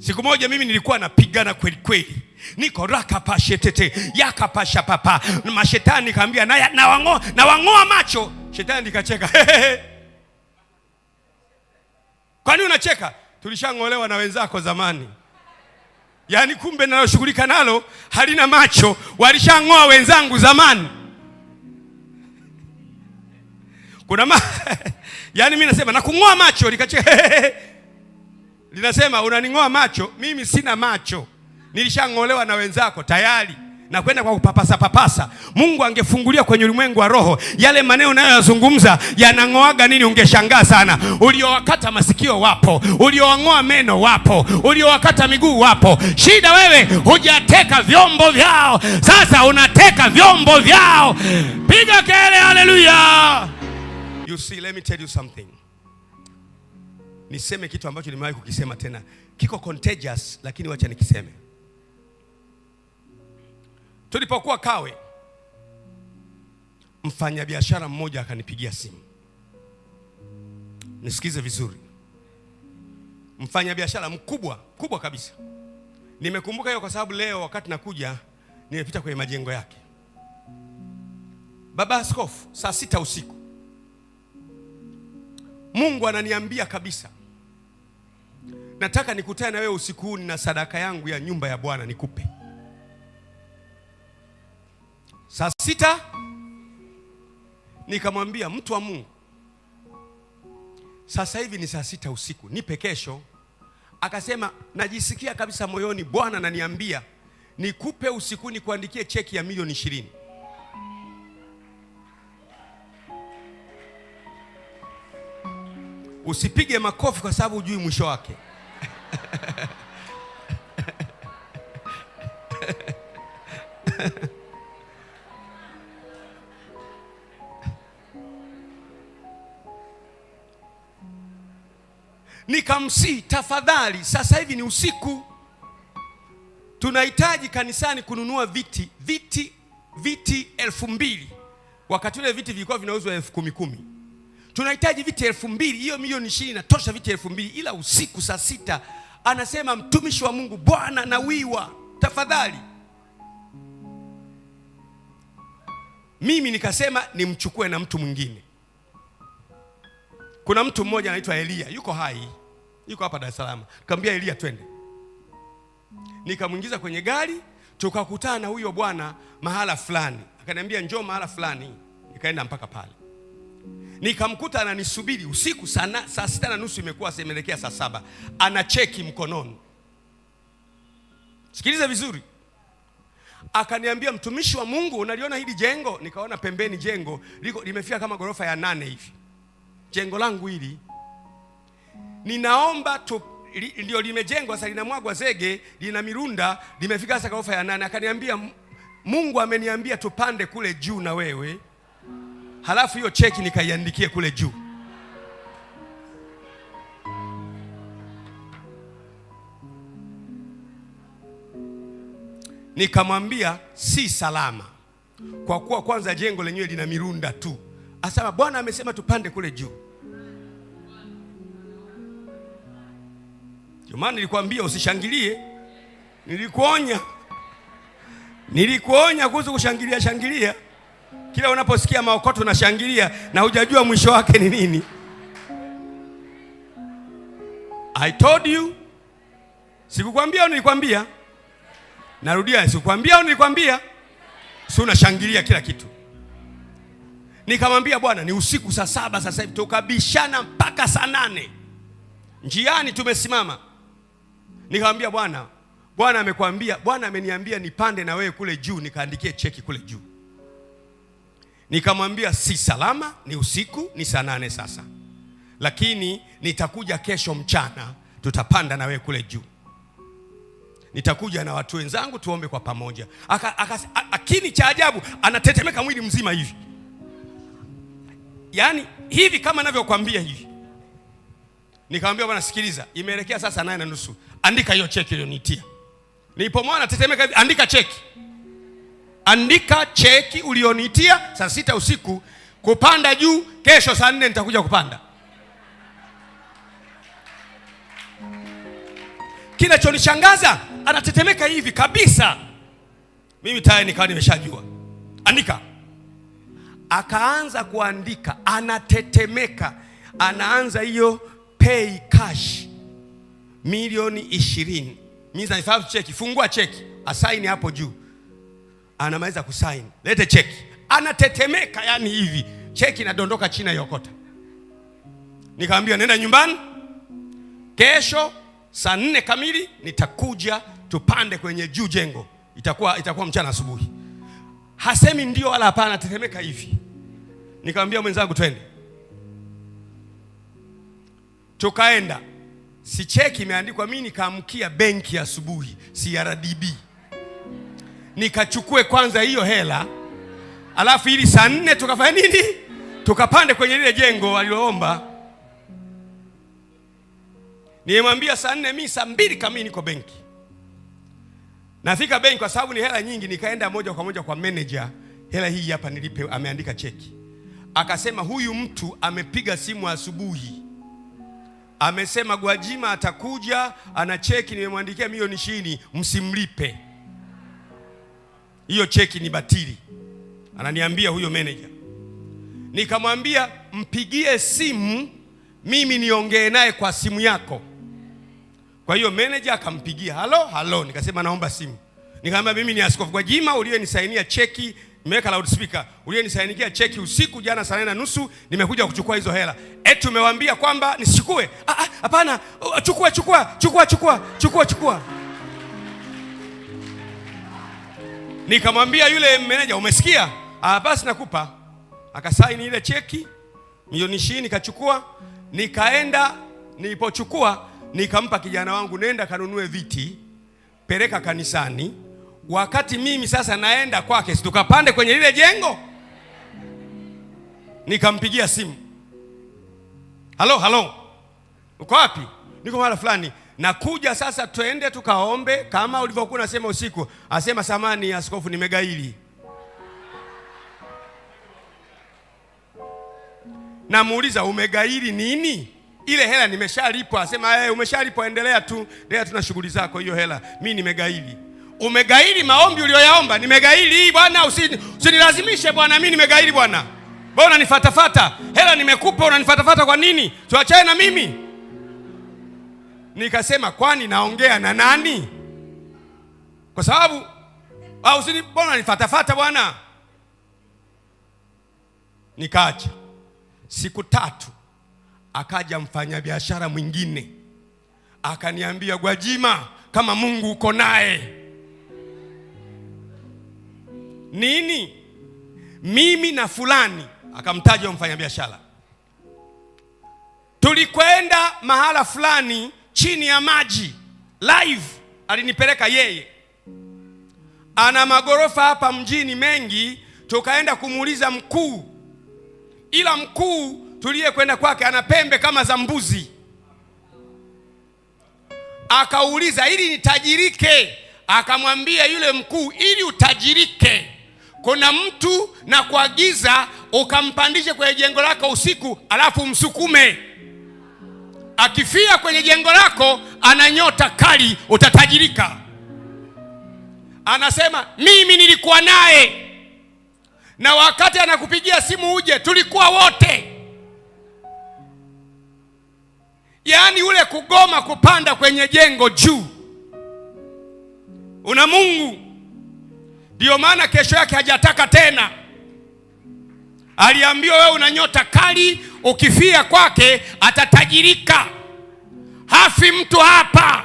Siku moja mimi nilikuwa napigana kweli kweli, niko rakapashetete yakapasha papa mashetani kaambia na, na wang'oa na wang'oa macho, shetani nikacheka. Kwani unacheka? Tulishang'olewa na wenzako zamani. Yaani kumbe naloshughulika nalo halina macho, walishang'oa wenzangu zamani. Kuna ma... yaani mimi nasema na kung'oa macho likacheka linasema unaning'oa macho, mimi sina macho, nilishang'olewa na wenzako tayari na kwenda kwa kupapasa papasa. Mungu angefungulia kwenye ulimwengu wa roho, yale maneno unayoyazungumza yanang'oaga nini? Ungeshangaa sana. Uliowakata masikio wapo, uliowang'oa meno wapo, uliowakata miguu wapo. Shida wewe hujateka vyombo vyao, sasa unateka vyombo vyao. Piga kelele, haleluya! You see, let me tell you something niseme kitu ambacho nimewahi kukisema tena, kiko contagious, lakini wacha nikiseme. Tulipokuwa Kawe, mfanyabiashara mmoja akanipigia simu. Nisikize vizuri, mfanyabiashara mkubwa kubwa kabisa. Nimekumbuka hiyo kwa sababu leo wakati nakuja nimepita kwenye majengo yake. Baba Askofu, saa sita usiku Mungu ananiambia kabisa, nataka nikutane na wewe usiku huu, nina sadaka yangu ya nyumba ya Bwana nikupe saa sita. Nikamwambia mtu wa Mungu, sasa hivi ni saa sita usiku, nipe kesho. Akasema najisikia kabisa moyoni, Bwana ananiambia nikupe usiku, nikuandikie cheki ya milioni ishirini. Usipige makofi kwa sababu ujui mwisho wake. Nikamsii, tafadhali, sasa hivi ni usiku, tunahitaji kanisani kununua viti viti viti elfu mbili. Wakati ule viti vilikuwa vinauzwa elfu kumi kumi tunahitaji viti elfu mbili. Hiyo milioni ishirini inatosha viti elfu mbili, ila usiku saa sita anasema mtumishi wa Mungu, Bwana nawiwa, tafadhali. Mimi nikasema nimchukue na mtu mwingine. Kuna mtu mmoja anaitwa Elia, yuko hai, yuko hapa Dar es Salaam. Elia, twende. Nikamwingiza kwenye gari, tukakutana na huyo bwana mahala fulani, akaniambia njoo mahala fulani, nikaenda mpaka pale nikamkuta ananisubiri usiku sana, saa sita na nusu imekuwa semelekea saa saba, ana cheki mkononi. Sikiliza vizuri, akaniambia mtumishi wa Mungu, unaliona hili jengo? Nikaona pembeni jengo liko limefika kama ghorofa ya nane hivi, jengo langu hili ninaomba tu ndio limejengwa sasa, linamwagwa zege, lina mirunda, limefika sasa ghorofa ya nane. Akaniambia Mungu ameniambia tupande kule juu na wewe halafu hiyo cheki nikaiandikie kule juu. Nikamwambia si salama, kwa kuwa kwanza jengo lenyewe lina mirunda tu. Asema Bwana amesema tupande kule juu. Ndio nilikwambia usishangilie, nilikuonya, nilikuonya kuhusu kushangilia shangilia. Kila unaposikia maokoto unashangilia na hujajua mwisho wake ni nini. I told you, sikukwambia au nilikwambia? Narudia, sikukwambia au nilikwambia? Si unashangilia kila kitu. Nikamwambia bwana, ni usiku saa saba sasa hivi, tukabishana mpaka saa nane njiani tumesimama. Nikamwambia bwana, Bwana amekwambia, Bwana ameniambia nipande na wewe kule juu, nikaandikie cheki kule juu. Nikamwambia si salama, ni usiku, ni saa nane sasa, lakini nitakuja kesho mchana, tutapanda na wewe kule juu, nitakuja na watu wenzangu tuombe kwa pamoja. Lakini cha ajabu, anatetemeka mwili mzima hivi, yaani hivi kama navyokwambia hivi. Nikamwambia bwana, sikiliza, imeelekea sasa nane na nusu, andika hiyo cheki iliyonitia. Nilipomwona anatetemeka hivi, andika cheki andika cheki ulionitia saa sita usiku kupanda juu, kesho saa nne nitakuja kupanda. Kinachonishangaza anatetemeka hivi kabisa, mimi tayari nikawa nimeshajua andika. Akaanza kuandika, anatetemeka, anaanza hiyo pay cash milioni ishirini. Mimi nahesabu cheki, fungua cheki, asaini hapo juu anamaliza kusign, lete cheki, anatetemeka yani hivi, cheki inadondoka chini yokota. Nikamwambia nenda nyumbani, kesho saa nne kamili nitakuja tupande kwenye juu jengo, itakuwa itakuwa mchana asubuhi. Hasemi ndio wala hapana, anatetemeka hivi. Nikamwambia mwenzangu, twende. Tukaenda, si cheki imeandikwa, mimi nikaamkia benki asubuhi, CRDB nikachukue kwanza hiyo hela, alafu ili saa nne tukafanya nini, tukapande kwenye lile jengo aliloomba. Nilimwambia saa nne mimi saa mbili kamili niko benki. Nafika benki kwa sababu ni hela nyingi, nikaenda moja kwa moja kwa manager, hela hii hapa nilipe, ameandika cheki. Akasema huyu mtu amepiga simu asubuhi, amesema Gwajima atakuja, ana cheki nimemwandikia milioni ishirini, msimlipe hiyo cheki ni batili, ananiambia huyo manager. Nikamwambia mpigie simu mimi niongee naye kwa simu yako. Kwa hiyo manager akampigia, halo halo, nikasema naomba simu. Nikamwambia mimi ni Askofu Gwajima uliyenisainia cheki nimeweka loudspeaker, uliyenisainikia cheki usiku jana saa nane na nusu, nimekuja kuchukua hizo hela. Eti umewambia kwamba nisichukue? Ah, ah, hapana, oh, chukua chukua chukua chukua chukua chukua. Nikamwambia yule meneja, umesikia? Ah, basi nakupa. Akasaini ile cheki milioni ishirini, nikachukua nikaenda. Nilipochukua nikampa kijana wangu, nenda kanunue viti, peleka kanisani. Wakati mimi sasa naenda kwake, situkapande kwenye lile jengo. Nikampigia simu, halo halo, uko wapi? Niko mara fulani na kuja sasa, twende tukaombe kama ulivyokuwa unasema usiku, asema samani askofu, nimegaili. Namuuliza, umegaili nini? Ile hela nimeshalipwa. Asema hey, eh, umeshalipwa, endelea tu, endelea tuna shughuli zako, hiyo hela. Mi nimegaili. Umegaili maombi uliyoyaomba. Nimegaili bwana, usinilazimishe bwana, mi nimegaili bwana. Mbona nifatafata hela nimekupa, unanifatafata kwa nini? Tuachane na mimi Nikasema kwani naongea na nani? Kwa sababu au ah, si mbona nifatafata bwana. Nikaacha siku tatu, akaja mfanyabiashara mwingine akaniambia, Gwajima, kama Mungu uko naye nini, mimi na fulani, akamtaja mfanyabiashara, tulikwenda mahala fulani chini ya maji live, alinipeleka yeye. Ana magorofa hapa mjini mengi, tukaenda kumuuliza mkuu, ila mkuu tuliyekwenda kwake ana pembe kama za mbuzi. Akauliza ili nitajirike, akamwambia yule mkuu, ili utajirike kuna mtu na kuagiza ukampandishe kwenye jengo lako usiku, alafu msukume Akifia kwenye jengo lako ana nyota kali, utatajirika. Anasema mimi nilikuwa naye, na wakati anakupigia simu uje, tulikuwa wote. Yaani ule kugoma kupanda kwenye jengo juu, una Mungu. Ndiyo maana kesho yake hajataka tena, aliambiwa wewe una nyota kali ukifia kwake atatajirika. Hafi mtu hapa.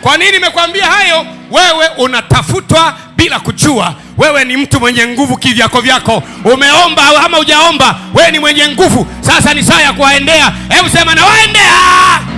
Kwa nini nimekwambia hayo? Wewe unatafutwa bila kujua. Wewe ni mtu mwenye nguvu kivyako vyako, umeomba ama hujaomba, wewe ni mwenye nguvu. Sasa ni saa ya kuwaendea. Hebu sema, nawaendea